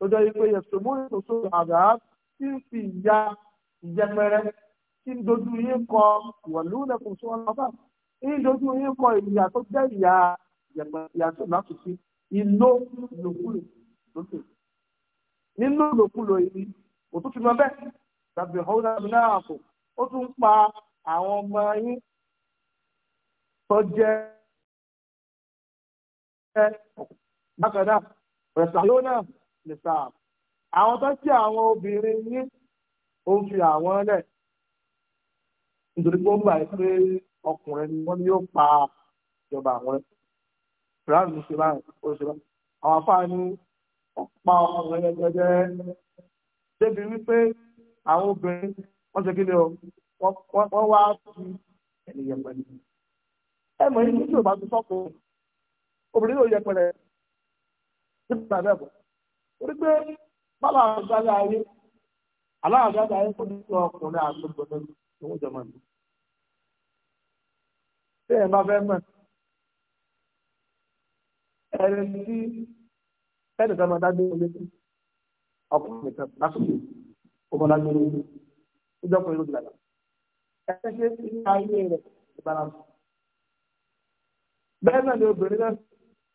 tó jẹ́ wípé yẹ̀sùmú ìtòsó àgbà tí ń fi ìyá ìjẹpẹrẹ tí ń dojú yín kọ wọ̀lú lẹ́kùn sí wọn lọ́fà ń dojú yín kọ ìyá tó jẹ́ ìyá ìyá tó láti fi ìlò lòkulò lókè nínú lòkulò yìí kò tó ti lọ bẹ́ẹ̀ tàbí ọ̀húnà náà kò ó tún pa àwọn ọmọ yín tó jẹ́ bákan náà pẹ̀sà yóò náà nisab àwọn tó jẹ́ àwọn obìnrin yín ó ń fi àwọn lẹ̀ nítorí pé ó gbà pé ọkùnrin ni wọ́n yóò pa ìjọba àwọn rẹ̀ fúlàní ló ṣe báyìí ó ṣe báyìí àwọn afáàní ọ̀pá ọkùnrin ẹgbẹ́jẹ́ débi wípé àwọn obìnrin wọ́n ṣe kílẹ̀ o wọ́n wá fi ènìyàn pẹ̀lú ẹ mọ̀ ní kí tí o bá ti sọ́kùnrin obìnrin yóò yẹ pẹ̀lẹ́ nígbà bẹ́ẹ̀ bọ̀ torí pé bálá àgbàdo ayé aláàgbàdo ayé kò ní sọ ọkùnrin àgbẹ̀gbọ̀dọ̀ tó ń jọmọ ní. tí ẹ bá fẹ́ mọ̀ ẹni tí ẹni tó máa dájú ilé tí ọkùnrin nìkan lásìkò ọmọ lágbèrè ìlú ìjọkùnrin ló ti dàgbà ẹni tí ilé ayé rẹ̀ ìbára bẹ́ẹ̀ náà ni obìnrin náà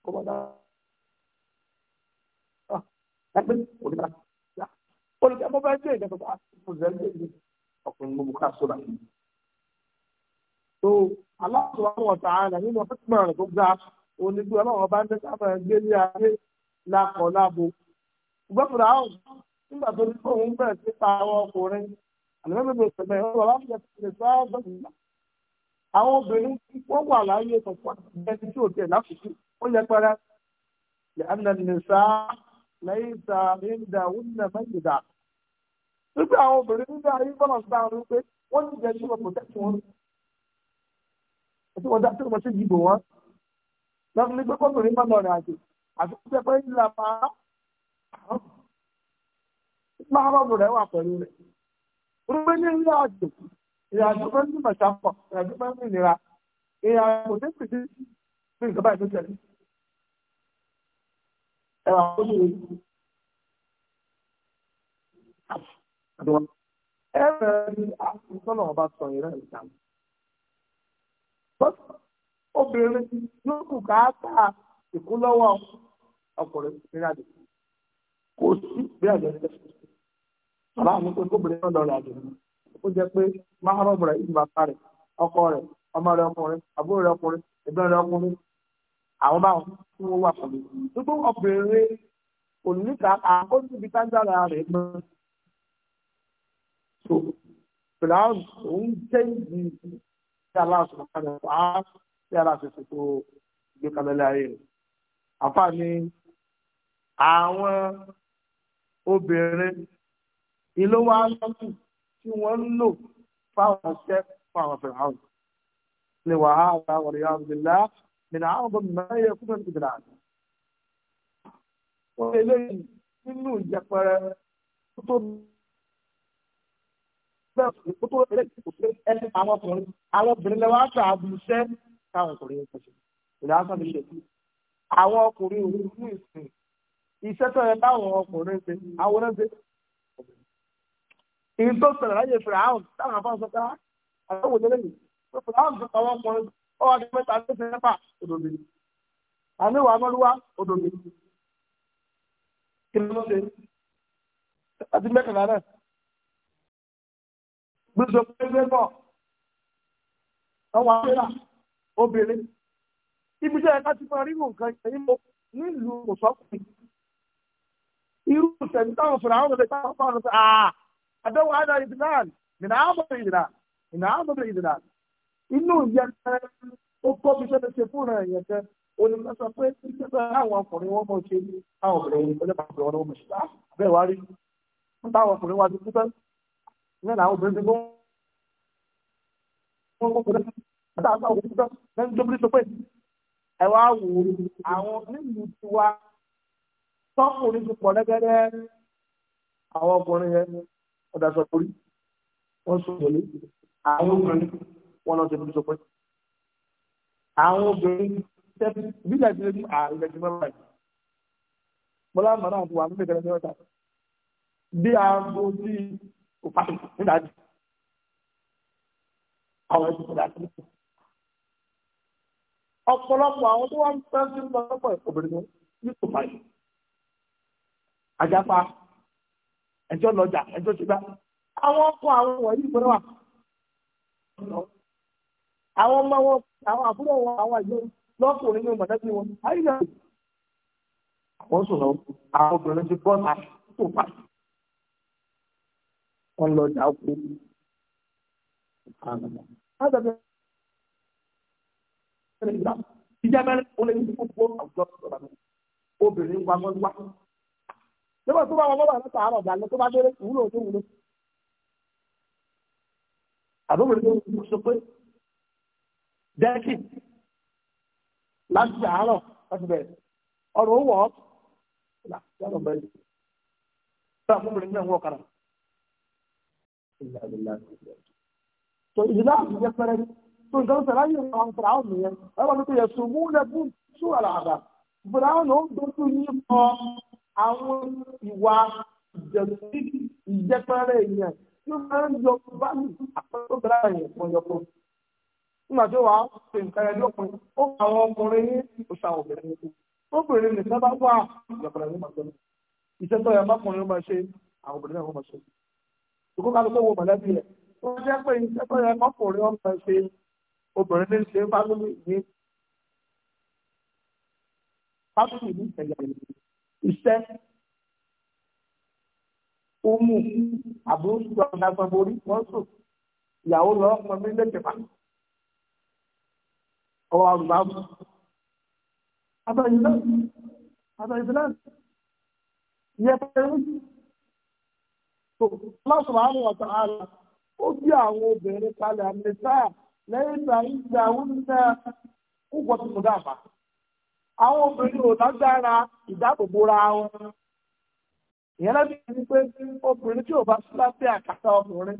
kò mọ̀ dáa ẹgbẹ́ òdìbà olùkẹ́ mo fẹ́ ṣe ìjọba tó kó zẹ́lẹ̀ ní ọkùnrin mo ká sódà sí. tó aláṣọ àwọn tààlà nínú ọ̀sẹ̀tìmọ̀ rẹ̀ tó ga onígbé ọlọ́run ọba ń tẹ́ sáfẹ́ gbé ní ayé lakọ̀ lábo. ìgbẹ́fọ̀dà àwọn nígbà tó ní kóun bẹ̀rẹ̀ sí pa àwọn ọkùnrin àlùmọ́bẹ̀bẹ̀ sẹ̀mẹ̀ ọ̀rọ̀ láti ṣe sáà àwọn obìnrin wọ́n wà láyé tọ̀pọ̀ àti ẹni tí ò lẹ́yìn ta ẹ̀ńdà wúnà mẹ́yìndà. Wípé àwọn obìnrin nígbà ayé bọ́lá sí àwọn wípé wọ́n ti jẹ́ sí wọn protect wọn. Àti wọ́n dá sí wọn sí ìdìbò wọn. Lọ́sùn ní pé kọ́bìnrin má lọ rìn àjò. Àti pé pé ìlà máa máa rọ̀bù rẹ̀ wà pẹ̀lú rẹ̀. Rúbẹ́ ní ìrìn àjò. Ìrìn àjò fẹ́ ní mọ̀ṣápọ̀. Ìrìn àjò fẹ́ ní ìnira. Ìrìn kò ẹwà kójú rẹ̀ ẹ̀rọ ni àtúntọ́nà obìnrin yóò kù ká ta ọkùnrin nínú àjò kò sí bí àjọ ń tẹ̀sí bàbá pé kóbìnrin náà lọ́ọ́ àjò ó jẹ́ pé máhárọ̀ rẹ̀ ìgbà pa rẹ̀ ọkọ rẹ̀ ọmọ rẹ̀ ọkùnrin àbúrò rẹ̀ ọkùnrin rẹ̀ ọkùnrin àwọn báwọn tí wọ́n wà pẹ̀lú gbogbo ọ̀bẹ̀rẹ̀ oníkà àkóńtìbí tágbára rẹ̀ mọ́ so fìlàwọn òun jẹ́ ìdí tí aláṣọ kan á tí aláṣọ ṣètò ìgbékalẹ̀lẹ̀ ayé rẹ̀ àǹfààní àwọn obìnrin ìlú wa lọ́sùn tí wọ́n ń lò fáwọn ṣẹ́ fáwọn fìlàwọn ni wàhálà wàlúùyà ọ̀gbìn láti. من أعظم ما يكون الإدراك وإليه منه يقرأ كتب kótó ẹlẹ́tì kò sí ẹni àwọn ọkùnrin àwọn obìnrin lẹ́wọ́ àti àbùsẹ́ káwọn ọkùnrin ń pèsè ìlà àṣà mi lè fi àwọn ọkùnrin òun fún ìsìn iṣẹ́ tó yẹ káwọn ọkùnrin ṣe àwọn ọ̀rẹ́ ṣe. ìyẹn tó ṣẹlẹ̀ láyé fìrà áhùn táwọn afáǹsọ àwọn òṣèlú yìí fìrà áhùn tó pa wọn ọkùnrin Ọ adé mẹ́ta ló fi mẹ́fà òdòdó àmì ìwà amọ́lúwá òdòdó kí ló ṣe àti mẹ́kànlá náà gbèsè pépé bọ̀ àwọn àpẹẹrẹ obìnrin ibi tí ẹ̀ka ti máa rí nǹkan ẹ̀yìn mọ́ nílùú kò sọ́kùnrin irú ìṣẹ̀lú táwọn fúnra àwọn ọ̀dọ́ táwọn fúnra ọ̀dọ́ ó kọ́ bí sọ́dọ̀ ṣe fúnra ẹ̀yẹ̀ kan onímọ̀sán pé nígbà àwọn ọkùnrin wọn mọ̀ ṣe àwọn obìnrin ọlọ́pàá wọn mọ̀ ṣe ah, bẹ́ẹ̀ wá rí ń bá àwọn ọkùnrin wa ti kúta ìyẹn làwọn obìnrin ti gbọ́ wọn kó kúta nígbà àwọn ọkùnrin kúta lẹ́nu tó bí sọ ẹ wá wò ó àwọn nílùú tiwa tọkùnrin ti pọ̀ lẹ́gẹ́dẹ́ àwọn ọkùnrin yẹn ọ̀dà sọ̀kúrí wọ́n sọ̀rọ̀ lé àwọn obìnrin wọn lọ sí ibi sọ àwọn obìnrin tẹ́bí bí ìjà ìdílé mú ààrẹ ti mẹ́fà yìí bọ́lá màdá àti wà nílé kẹlẹ́sẹ̀ ọ̀tà bí aago tí kò fàṣẹ nígbà jù àwọn ẹ̀sìn kò dàtí. ọ̀pọ̀lọpọ̀ àwọn tó wà ń fẹ́ sí ọ̀pọ̀lọpọ̀ obìnrin ní kò fà yìí àjápa ẹjọ́ lọ́jà ẹjọ́ ṣùgbọ́n àwọn ọkọ̀ àwọn wọ̀nyí ìgbọ́dọ̀ àwọn ọmọ wọn àwọn àbúrò wọn àwọn àjọ lọ́kùnrin nínú mọ̀lẹ́bí wọn àyíká àwọn sọ̀rọ̀ àwọn obìnrin ti bọ́ náà tó pa wọn lọ dà kú ìjàmbá ó lè ní gbogbo àwùjọ ìjọba obìnrin wa wọn wá nígbà tó bá wọn bọ́bà lọ́tọ̀ àárọ̀ ọ̀gá lọ tó bá délé wúlò tó wúlò àbúrò tó wúlò sọ pé dẹ́kì láti àárọ̀ láti bẹ̀rẹ̀ ọ̀rọ̀ owó ọ̀ láti bẹ̀rẹ̀ bá fúnbìnrin náà wọ̀ kára. tó ìdílé àti ìjẹ pẹrẹ tó nǹkan sọ̀rọ̀ ayé ìrìn àwọn fúnra ọ̀hún nìyẹn wọ́n wọ́n tó yẹ sùn mú lẹ́kùn sùn àlàáfà fúnra ọ̀hún ó dojú yín kọ àwọn ìwà ìjẹpẹrẹ ìyẹn tí ó máa ń yọ bá mi àpẹẹrẹ tó bẹ̀rẹ̀ àyẹ̀kọ́ nígbà tí ó wàá ṣe nǹkan ẹni òpin ó àwọn ọkùnrin ní òṣà obìnrin nìkan obìnrin nìkan bá wà ìjọba ní màgbọ́n iṣẹ́ tó yẹ mọ́kùnrin máa ṣe àwọn obìnrin náà máa ṣe ìkó ká ló tó wo mọ̀lẹ́bí rẹ̀ ó jẹ́ pé iṣẹ́ tó yẹ mọ́kùnrin ọmọ ṣe obìnrin ní ṣe fámìlì ní fámìlì ní ìṣẹ̀lẹ̀ iṣẹ́ umu àbúrò ṣùgbọ́n ọ̀dà sanbórí wọ́n sùn ìyàwó lọ́ọ́ ọwọ́ àrùbá mú àtàìsílẹ̀ Ihe pẹ̀lú lọ́sọ̀rọ̀ àwọn ọ̀tọ̀ ọ bụla bí àwọn obìnrin kalẹ̀ àmìlẹ́sà lẹ́yìn ìgbà ìgbà àwọn oníṣẹ́ kúgbọ́ tó kọjá àbá àwọn obìnrin ò lágbára ìdáàbòbò ra wọn ìyẹn lábẹ́ ìdí pé obìnrin tí ò bá sí lábẹ́ àkàtà ọkùnrin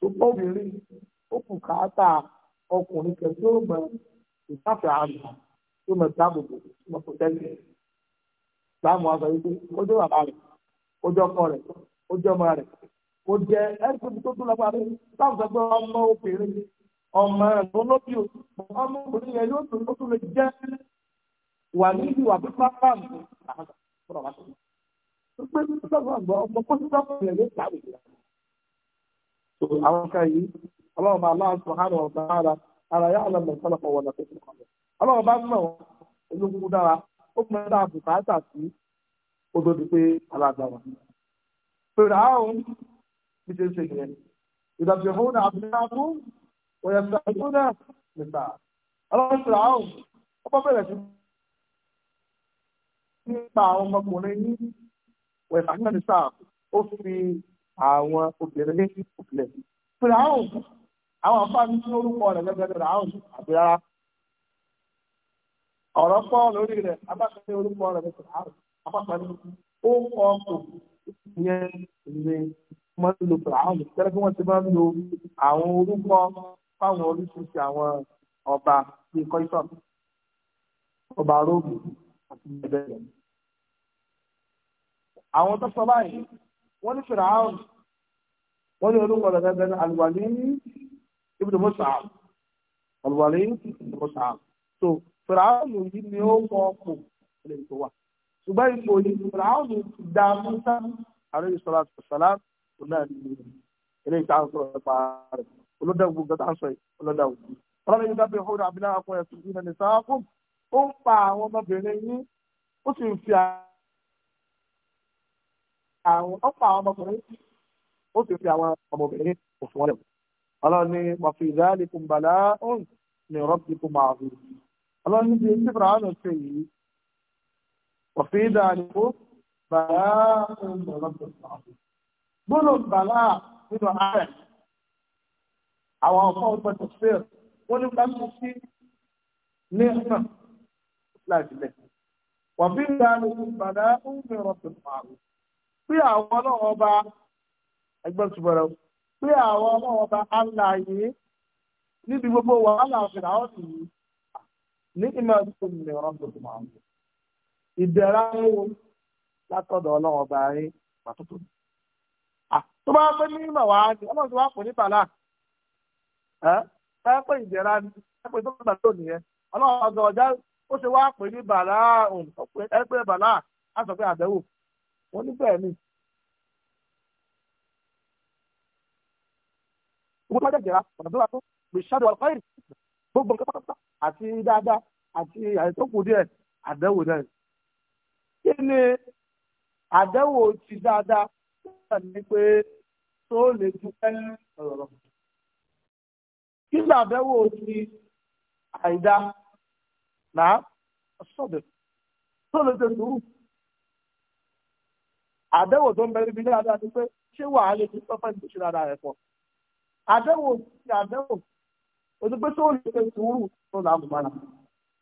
tó bọ́bìnrin ó kù káàtà ọkùnrin kan tó mọ ìtafẹ́ àgbà tó mọ dáàbòbò tó mọ pọtẹ́tì láàmú àgbà yìí pé ó jẹ́ bàbá rẹ̀ ó jẹ́ ọkọ rẹ̀ ó jẹ́ ọmọ rẹ̀ ó jẹ́ ẹ̀ẹ́dẹ́gbẹ̀rún tó tún lọ́gbà rẹ̀ láti sọ pé ọmọ obìnrin ọmọ ẹ̀gbọ́n lóbi o ọmọ obìnrin yẹn yóò tún lóṣù lè jẹ́ wà níbi wà pípa fáàmù àwọn ọmọ kó sísọ fún ẹgbẹ́ àwọn kan yìí ọlọ́run bá aláàbò sọ̀hánù ọ̀tá ara ara yá àlọ́ ìsọ́lọ̀pọ̀ wọ̀nà tó fún ọ̀rọ̀ ọlọ́run bá mọ̀ ológun dára ó mọ̀ dáa bùkátà sí odòdó pé aláàbò wa. pèrè àwọn ti ṣe ṣe yẹn ìdàbí ọ̀hún náà àbúrò fún wọ̀nyẹ̀ sàbúrò náà níta ọlọ́run pèrè àwọn ó bọ́ bẹ̀rẹ̀ sí nípa àwọn ọmọkùnrin ní wẹ̀sán náà níta ó fi àwọn obìnrin létí òpìlẹ̀. Fìràhùn àwọn afáàmì tí orúkọ rẹ̀ gẹ́gẹ́ Fìràhùn àbí rárá. Ọ̀rọ̀ pọ̀ lórí rẹ̀ abáṣẹ́ orúkọ rẹ̀ gẹ́gẹ́ Fìràhùn apápá ní ó kọ kò yẹn ní wọ́n ti lo Fìràhùn tẹ́lẹ̀ kí wọ́n ti máa ń lo àwọn orúkọ fáwọn oríṣiríṣi àwọn ọba bíi kọ́ńtọ̀ ọba róòmù àti bẹ́ẹ̀ bẹ́ẹ̀. Àwọn tó sọ báyìí wọ́n ní fìràáhùn wọ́n ní orúkọ rẹ̀ gẹ́gẹ́ ní alùwàlí ibùdó mọ́sàáhùn alùwàlí ibùdó mọ́sàáhùn so fìràáhùn yìí ni ó mọ ọkọ̀ lè tó wà ṣùgbọ́n ipò yìí fìràáhùn ti dá mọ́sá àrẹ ìṣọ́lá ṣọ̀ṣọ́lá tó náà ní ilé ìta àkọ́rọ̀ nípa rẹ̀ olódàgbò gọ́tà sọ yìí olódàgbò ọlọ́run yìí dábẹ́ ìhóòrò àbílẹ̀ àkọ́yẹ̀sùn ìrìnà nìsáàkùn ó ń pa àwọn ọmọbìnrin yín ó sì ń fi àwọn ọ̀pọ̀ àwọn ọmọkùnrin ó sì fi àwọn ọmọbìnrin òfin wọn lẹ̀. ọlọ́run ní wàfi ìdáàlì kùmbàlá òun ní rọ́bì kùmbà ààfin. ọlọ́run ní bí tí fúráhánù ṣe yìí wàfi ìdáàlì kó bàlá òun ní rọ́bì kùmbà ààfin. gbọ́dọ̀ bàlá nínú ààrẹ àwọn ọ̀pọ̀ ọ̀pọ̀ tó fẹ́ wọ́n ní bá sí ní ọ̀nà láti lẹ̀. wàfi ìdáàlì kùmbàlá òun ní rọ́bì kùmbà ààfin. pé àwọn ọlọ́run ọba ẹgbẹ́ àwọn ọba aláàyè níbi gbogbo wàhálà ọ̀sẹ̀dá ọ̀sẹ̀ yìí ní ìmọ̀ ìṣòro ní ọ̀rọ̀ tuntun máa ń bọ̀. ìdẹ̀ra ewu látọ̀dọ̀ ọlọ́run tó bá ní ìmọ̀ wàá ni ti wá pè ní ẹ pé ni ẹ pé tó bá tó nìyẹn ọjọ́ ó wá pè ní bàlá ẹ pé bàlá á sọ pé àdẹ́wò wọ́n ní bẹ́ẹ̀ ni. gbogbo ọjọ́ ìjẹ́ra ọ̀nà tó wà tó lè ṣáàdù àlùfáìrì gbogbo nǹkan pátápátá àti dáadáa àti àìsókù díẹ̀ àdánwò náà. kí ni àdánwò ti dáadáa tó wà ní pé tó lè dúpẹ́ ọ̀rọ̀ kí ni àdánwò ti àìdá náà sọ̀dọ̀ tó lè tẹ̀sùrù. àdẹ́wò tó ń bẹ níbi dáadáa ni pé ṣé wàá lè fi sọ́fẹ́ ní oṣù dáadáa rẹ̀ pọ̀ àdẹ́wò ti àdẹ́wò òtúpẹ́ tó lè fẹ́ sùúrù tó là ń bọ̀ bàlá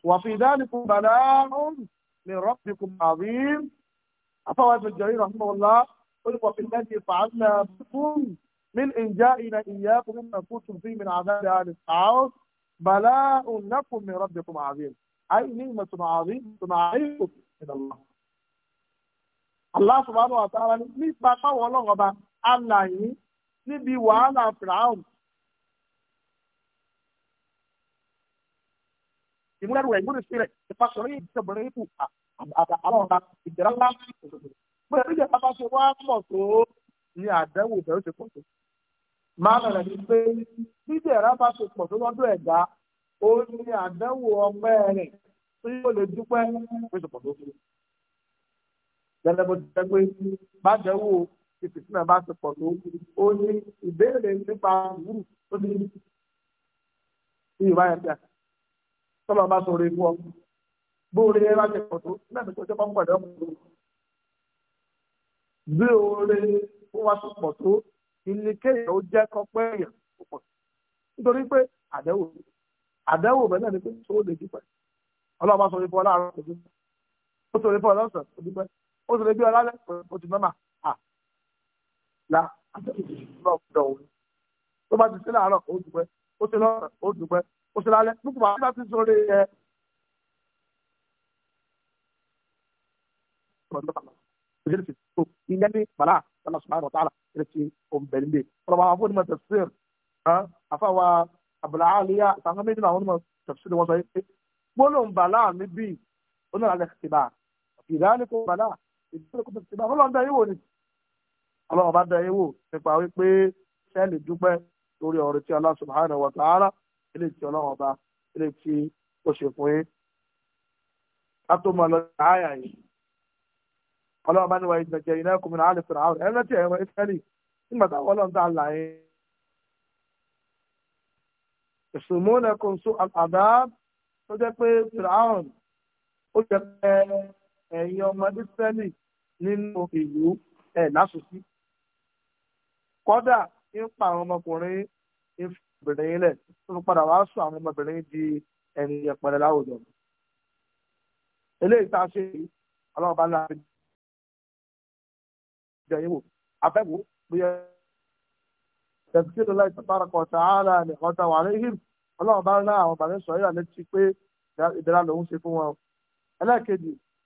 wà fi ìdánilẹ́kùn bàlá ọ̀hún ní rọ́pìkùn àbí afọwọ́ tó jẹ̀rí rahmanulá olùkọ́ fi lẹ́yìn fàánà fún من إنجائنا إياكم مما كنتم فيه من عذاب أهل السعود بلاء لكم من ربكم عظيم أي نعمة عظيمة عليكم من الله Allah subhanahu wa ta'ala ní nípa táwọn ọlọ́run ọba aláyín níbi wàhálà fìràhùn. ìmúlẹ̀rù ẹ̀ gbọ́dọ̀ sílẹ̀ ìfàsọ̀rọ̀ yìí ti bọ̀rẹ̀ ikú àwọn ọba ìjẹ́rẹ́ ńlá pé ìdíje bàbá ṣe wá pọ̀ tó ní àdánwò bẹ̀rù ṣe pọ̀ tó. máa bẹ̀rẹ̀ ní pé dídè ẹ̀rá bá ṣe pọ̀ tó lọ́dọ̀ ẹ̀dá ó ní àdánwò ọmọ ẹ̀rìn tí yóò lè dúpẹ́ pé ṣe pọ̀ tó fún gẹ́gẹ́ bó ti jẹ́ pé bàjẹ́wò ìfìsí náà bá ti pọ̀ tó ó ní ìbéèrè nípa wúrù tó ní ìwà ẹ̀dá tọ́lá bá sọ orí fún ọ bó orí ẹ bá ti pọ̀ tó náà ní kọjọ́ bá ń pọ̀dọ̀ ọ̀pọ̀ bí orí ó wá ti pọ̀ tó ilé kéèyàn ó jẹ́ kọ́pẹ́ èèyàn ó pọ̀ nítorí pé àdẹ́wò àdẹ́wò bẹ́ẹ̀ náà ni pé ó lè dúpẹ́ ọlọ́run bá sọ orí fún dúpẹ́ ó sọ orí fún ọ dúpẹ́ ó sì lè gbé ọ lálẹ́ o ti nọ́mà à la lọ́ọ̀dọ̀ òun tó bá ti sí láàárọ̀ ó dùpẹ́ ó sì lọ́ọ̀rọ̀ ó dùpẹ́ ó sì lálẹ́ nípa bá bá ti sọ̀rọ̀ ẹ̀ ìyẹn ní bàlá sọlá sọlá rọ̀ tààlà ìrètí òǹbẹ̀lẹ̀ ọ̀rọ̀ àwọn afọ́nimọ̀ tẹ̀síìr àfàwà àbùlà àlìyá àtàwọn méjì náà àwọn onímọ̀ tẹ̀síìr wọn sọ yìí gbólóhùn bàlá mi bíi onílàlẹ̀ kìlà ìdánikò bàlá ìgbà fọlọ́n dá yíwò ni ọlọ́run bá dá yíwò nípa wípé sẹ́ẹ̀lì dúpẹ́ lórí ọ̀rọ̀ tí Allah subhanahu wa ta'ala ilé tí ọlọ́run ọba ilé tí ó ṣe fún yín. a tó mọ lọ sí àyà yìí ọlọ́run bá ní wa ìgbẹ̀jẹ̀ iná kùnmí náà àlefèrè àwọn ẹ̀rọ tí ẹ̀rọ ìsẹ́lì nígbà táwọn ọlọ́run tá a là yín. ìsùnmọ́nà kò sún àdáb tó jẹ́ pé fìràhàn ó jẹ́ pẹ́ẹ́ ẹ̀yin ọmọdé sẹ́lì nínú ìlú ẹ̀ lásùsí. kọ́dà ń pa àwọn ọmọkùnrin ń fi obìnrin yín lẹ̀ tó ń padà wá sùn àwọn ọmọbìnrin di ẹni yẹpẹrẹ láwùjọ. eléyìí tá a ṣe yìí ọlọ́run bá ń láàrin jẹ yín wò afẹ́wò bóyá tẹ̀síkìlì láì sàbárakọ̀ tààlà nìkan tá wà léhìm ọlọ́run bá ń lá àwọn bàbá sọ̀rọ̀ yà létí pé ìdára lòún ṣe fún wọn. ẹlẹ́ẹ̀kejì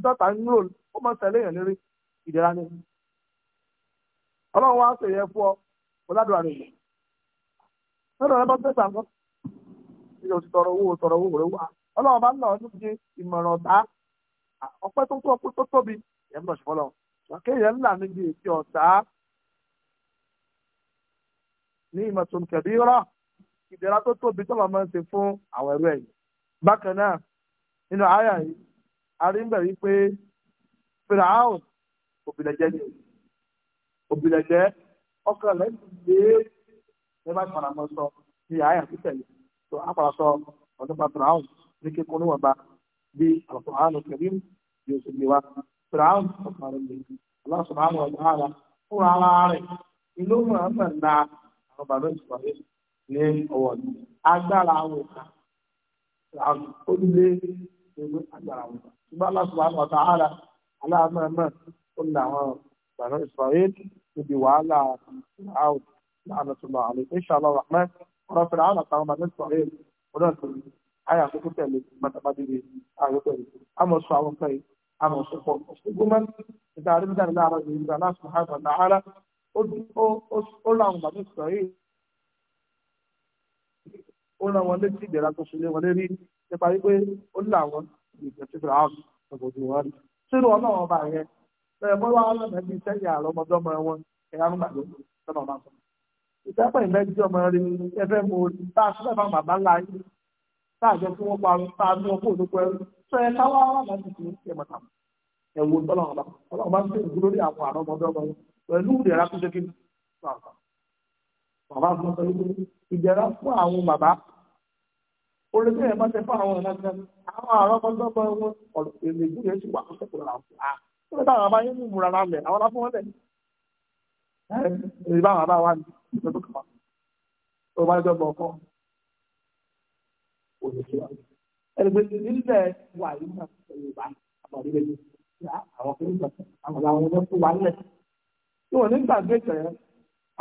ntọ́ta ń rò ó máa tẹ̀lé yẹn lérí ìdẹ̀ra ni ọlọ́run wá sọ yẹn fún ọ ọ̀làdùn àrùn ìgbà lọ́dọ̀ rẹ bá tẹ̀ sàn kọ́ ìyẹn òsì tọrọ owó tọrọ owó rẹ wá ọlọ́run bá ń lọ ọdún di ìmọ̀ràn ọ̀tá ọpẹ́ tó tó ọpẹ́ tó tóbi yẹn bọ̀ ṣùgbọ́n lọ kéèyàn ńlá níbi èsì ọ̀tá ní ìmọ̀tún kẹ̀bí rọ̀ ìdẹ̀ra tó tóbi tó máa ń ṣe fún àwọn ẹrú ẹ̀yìn bákan náà nínú àyà yìí a rí ń bẹ̀ wípé firaun òbílẹ̀jẹ́ ni òbílẹ̀jẹ́ ọkàn rẹ̀ ti lé nígbà tí màmá sọ ní àyà títẹ̀lé tó a padà sọ ọdún pa firaun ní kíkún níwọ̀nba bí Al-Qur'an Karim yóò ṣe gbé wa firaun ọkàn rẹ̀ lè Allah subhanahu wa ta'ala fúnra ara rẹ̀ ìlú mọ̀ọ́mọ̀ na àwọn bàbá ìsọ̀rọ̀ ní ọwọ́ mi agbára àwọn òkà ó lé ẹgbẹ́ agbára àwọn òkà ṣùgbọ́n Allah subhanahu wa ta'ala aláàmọ́ẹ̀mọ́ ó ní àwọn bàbá Israel níbi wàhálà Fir'aun láàánú tó lọ àlè inṣàlá rahman ọ̀rọ̀ Fir'aun àtàwọn bàbá Israel ọ̀rọ̀ tó àyà tó tẹ̀lé mọ́tàmátìrì àyè pẹ̀lú àmọ̀ sọ àwọn kan yìí àmọ̀ sọ pọ̀ ṣùgbọ́n nígbà àdébíjà ní láàárọ̀ yìí nígbà Allah subhanahu wa ta'ala ó ìgbẹ́ tí fìlà áàbù ọ̀gọ̀dù wọn rí sínú ọlọ́run ọba yẹn bẹ́ẹ̀ bọ́ wá lọ́nà bíi sẹ́yìn àrọ́ ọmọdọ́mọ wọn ẹ̀yà ń gbàgbọ́ sọ́nà ọba sọ. ìtẹ́pẹ́ ìmẹ́jì ọmọ rẹ ẹfẹ́ mo tá a sílẹ̀ bá bàbá ńlá yín tá a jẹ́ kí wọ́n parun tá a ní ọkọ̀ òdòkọ ẹrú sọ ẹ káwá wà láti fi ẹ mọ̀tà ẹ̀wò ọlọ́run ọba ọlọ́run ọba olùsọ yẹn bá ṣe fún àwọn ọ̀nà kan àwọn àrọ́mọdọ́gbọ́n wọn ọ̀rọ̀ èlé ìlú yẹn sì wà ó sẹ́kọ̀ọ́ rà fún wa ó lè táwọn abáyé mú múra lálẹ́ àwọn ará fún wọn lẹ̀ ẹ̀ ìbá àwọn abáwa ní ìgbẹ́ tó kàn wá ó bá dọ́gba ọkọ olùsọ wa ẹgbẹ́ nílẹ̀ wà yìí náà Yorùbá àbọ̀dé lẹ́yìn àwọn kìnnìkan àwọn làwọn ọmọ tó wà nílẹ̀ tí wọ́n nígbàgbé ìtẹ̀yẹ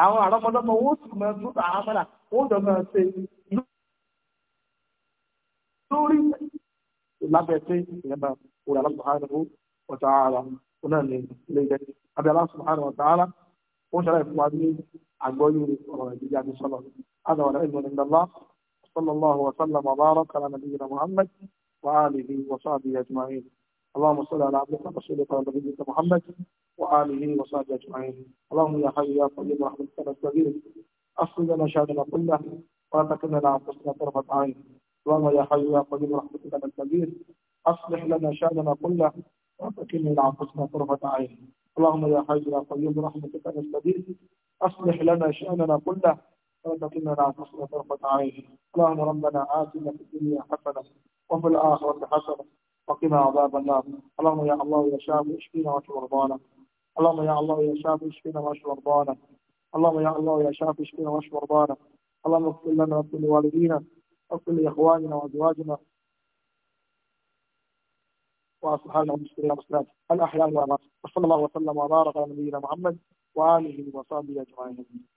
àwọn àrọ́mọdọ́gbọ́n wọn ó sì mọ lábẹ́ pé ìyẹn bá wúrà Allah subhanahu wa ta'ala ó náà ní ilé ìjẹ́ abẹ́ Allah subhanahu wa ta'ala ó ń ṣàlàyé fún wa ní àgbọ́yé ọ̀rọ̀ ìdíjà àti sọ́lọ̀ adàwọ̀dà ìmọ̀ ní ndàlá sallallahu wa sallam wa baraka ala nabiyyina muhammad wa alihi wa sahbihi ajma'in اللهم صل على عبدك ورسولك ونبيك محمد وآله وصحبه أجمعين اللهم يا حي يا قيوم رحمتك نستغيث أصلنا لنا شأننا كله ولا تكلنا إلى أنفسنا طرفة عين اللهم يا حي يا قدير رحمتك من كبير أصلح لنا شأننا كله وتكلنا إلى أنفسنا طرفة عين اللهم يا حي يا قيوم برحمتك نستغيث أصلح لنا شأننا كله ولا إلى أنفسنا طرفة عين اللهم ربنا آتنا في الدنيا حسنة وفي الآخرة حسنة وقنا عذاب النار اللهم يا الله يا شافي اشفينا واشف مرضانا اللهم يا الله يا شافي اشفينا واشف مرضانا اللهم يا الله يا شافي اشفينا واشف مرضانا اللهم اغفر لنا ولوالدينا وكل اخواننا وازواجنا واصحابنا المسلمين والمسلمات الاحياء والاموات وصلى الله وسلم وبارك على نبينا محمد واله وصحبه اجمعين